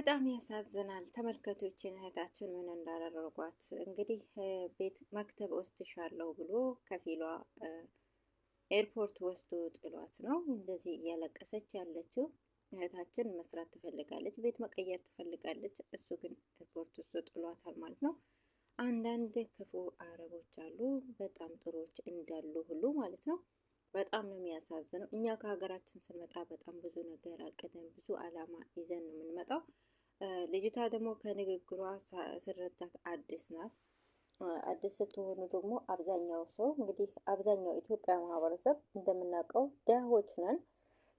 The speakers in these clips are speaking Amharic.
በጣም ያሳዝናል። ተመልከቶችን እህታችን ምን እንዳደረጓት እንግዲህ ቤት መክተብ ወስድሻለሁ ብሎ ከፊሏ ኤርፖርት ወስዶ ጥሏት ነው እንደዚህ እያለቀሰች ያለችው። እህታችን መስራት ትፈልጋለች፣ ቤት መቀየር ትፈልጋለች። እሱ ግን ኤርፖርት ውስጥ ጥሏታል ማለት ነው። አንዳንድ ክፉ አረቦች አሉ፣ በጣም ጥሩዎች እንዳሉ ሁሉ ማለት ነው። በጣም ነው የሚያሳዝነው። እኛ ከሀገራችን ስንመጣ በጣም ብዙ ነገር አቅደን ብዙ አላማ ይዘን ነው የምንመጣው። ልጅቷ ደግሞ ከንግግሯ ስረዳት አዲስ ናት። አዲስ ስትሆኑ ደግሞ አብዛኛው ሰው እንግዲህ አብዛኛው ኢትዮጵያ ማህበረሰብ እንደምናውቀው ደሆች ነን።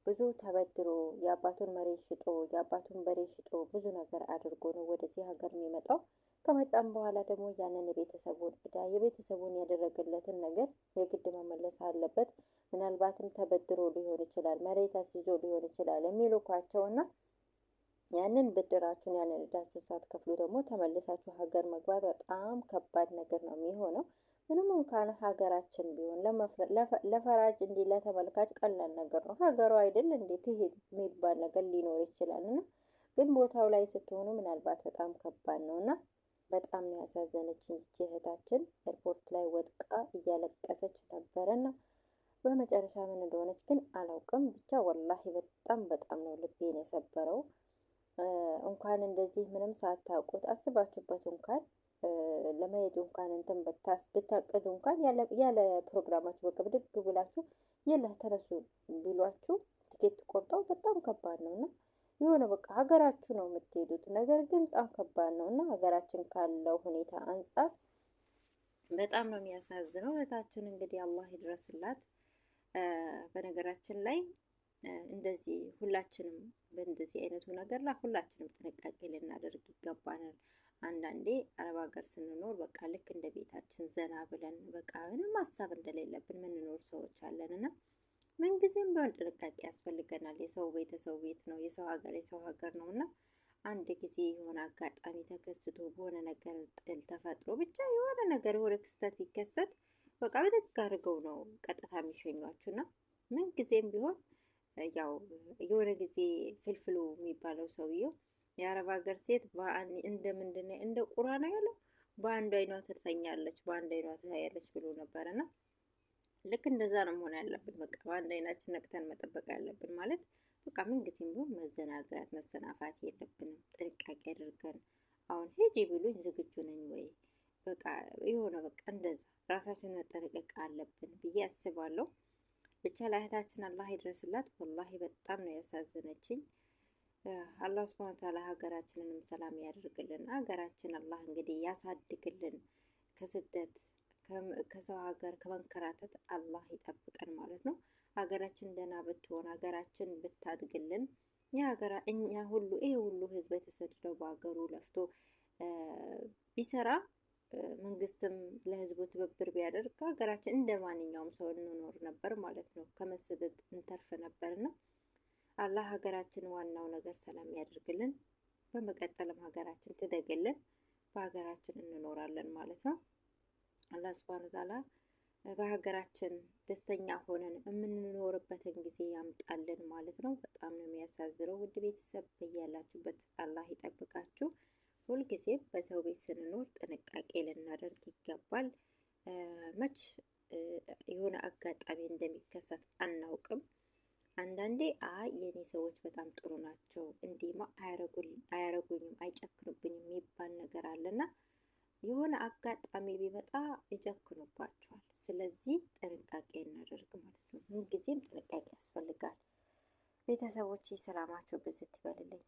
ብዙ ተበድሮ የአባቱን መሬት ሽጦ የአባቱን በሬ ሽጦ ብዙ ነገር አድርጎ ነው ወደዚህ ሀገር የሚመጣው። ከመጣም በኋላ ደግሞ ያንን የቤተሰቡን እዳ የቤተሰቡን ያደረገለትን ነገር የግድ መመለስ አለበት። ምናልባትም ተበድሮ ሊሆን ይችላል፣ መሬት አስይዞ ሊሆን ይችላል የሚልኳቸውና ያንን ብድራችሁን ያንን እዳችሁን ሳትከፍሉ ደግሞ ተመልሳችሁ ሀገር መግባት በጣም ከባድ ነገር ነው የሚሆነው። ምንም እንኳን ሀገራችን ቢሆን ለፈራጅ እንዲህ ለተመልካች ቀላል ነገር ነው። ሀገሩ አይደል እንዴ ትሄድ የሚባል ነገር ሊኖር ይችላል እና ግን ቦታው ላይ ስትሆኑ ምናልባት በጣም ከባድ ነው እና በጣም ነው ያሳዘነችን እህታችን። ኤርፖርት ላይ ወድቃ እያለቀሰች ነበረና በመጨረሻ ምን እንደሆነች ግን አላውቅም። ብቻ ወላሂ በጣም በጣም ነው ልቤን የሰበረው። እንኳን እንደዚህ ምንም ሳታውቁት አስባችሁበት እንኳን ለመሄድ እንኳን እንትን ብታስ ብታቅዱ እንኳን ያለ ፕሮግራማችሁ በቃ ብድግ ብላችሁ የለህ ተነሱ ቢሏችሁ ትኬት ቆርጠው በጣም ከባድ ነው እና የሆነ በቃ ሀገራችሁ ነው የምትሄዱት። ነገር ግን በጣም ከባድ ነው እና ሀገራችን ካለው ሁኔታ አንጻር በጣም ነው የሚያሳዝነው። እህታችን እንግዲህ አላህ ይድረስላት። በነገራችን ላይ እንደዚህ ሁላችንም በእንደዚህ አይነቱ ነገር ላይ ሁላችንም ጥንቃቄ ልናደርግ ይገባናል። አንዳንዴ አረብ ሀገር ስንኖር በቃ ልክ እንደ ቤታችን ዘና ብለን በቃ ምንም ሀሳብ እንደሌለብን ምንኖር ሰዎች እና ምንጊዜም ቢሆን ጥንቃቄ ያስፈልገናል። የሰው የሰው ቤት ነው፣ የሰው ሀገር የሰው ሀገር ነው እና አንድ ጊዜ የሆነ አጋጣሚ ተከስቶ በሆነ ነገር ጥል ተፈጥሮ ብቻ የሆነ ነገር የሆነ ክስተት ቢከሰት በቃ በደግ አድርገው ነው ቀጥታ የሚሸኟችሁ እና ምንጊዜም ቢሆን ያው የሆነ ጊዜ ፍልፍሉ የሚባለው ሰውየው የአረብ ሀገር ሴት እንደ ምንድን እንደ ቁራ ነው ያለው በአንድ አይኗ ትተኛለች፣ በአንድ አይኗ ትታያለች ብሎ ነበረ እና ልክ እንደዛ ነው መሆን ያለብን። በቃ በአንድ አይናችን ነቅተን መጠበቅ ያለብን ማለት በቃ ምንጊዜም ቢሆን መዘናጋት፣ መሰናፋት የለብንም። ጥንቃቄ አድርገን አሁን ሄጄ ብሎኝ ዝግጁ ነኝ ወይ በቃ የሆነ በቃ እንደዛ ራሳችን መጠንቀቅ አለብን ብዬ አስባለሁ። ብቻ ለእህታችን አላህ ይድረስላት። ወላሂ በጣም ነው ያሳዘነችኝ። አላህ ሱብሃነ ወተዓላ ሀገራችንንም ሰላም ያደርግልን። ሀገራችን አላህ እንግዲህ ያሳድግልን። ከስደት ከሰው ሀገር ከመንከራተት አላህ ይጠብቀን ማለት ነው። ሀገራችን ደህና ብትሆን፣ ሀገራችን ብታድግልን የሀገራ እኛ ሁሉ ይሄ ሁሉ ህዝብ የተሰደደው በሀገሩ ለፍቶ ቢሰራ መንግስትም ለህዝቡ ትብብር ቢያደርግ ሀገራችን እንደ ማንኛውም ሰው እንኖር ነበር ማለት ነው። ከመሰደድ እንተርፍ ነበርና አላህ ሀገራችን ዋናው ነገር ሰላም ያደርግልን። በመቀጠልም ሀገራችን ትደግልን፣ በሀገራችን እንኖራለን ማለት ነው። አላህ ስብሃነ ወተዓላ በሀገራችን ደስተኛ ሆነን የምንኖርበትን ጊዜ ያምጣልን ማለት ነው። በጣም ነው የሚያሳዝነው። ውድ ቤተሰብ በያላችሁበት አላህ ይጠብቃችሁ። ሁልጊዜም በሰው ቤት ስንኖር ጥንቃቄ ልናደርግ ይገባል። መች የሆነ አጋጣሚ እንደሚከሰት አናውቅም። አንዳንዴ አይ የኔ ሰዎች በጣም ጥሩ ናቸው፣ እንዲህማ አያረጉኝም፣ አይጨክኑብኝም የሚባል ነገር አለና የሆነ አጋጣሚ ቢመጣ ይጨክኑባቸዋል። ስለዚህ ጥንቃቄ እናደርግ ማለት ነው። ሁልጊዜም ጥንቃቄ ያስፈልጋል። ቤተሰቦች ሰላማቸው ብዝት ይበልልኝ።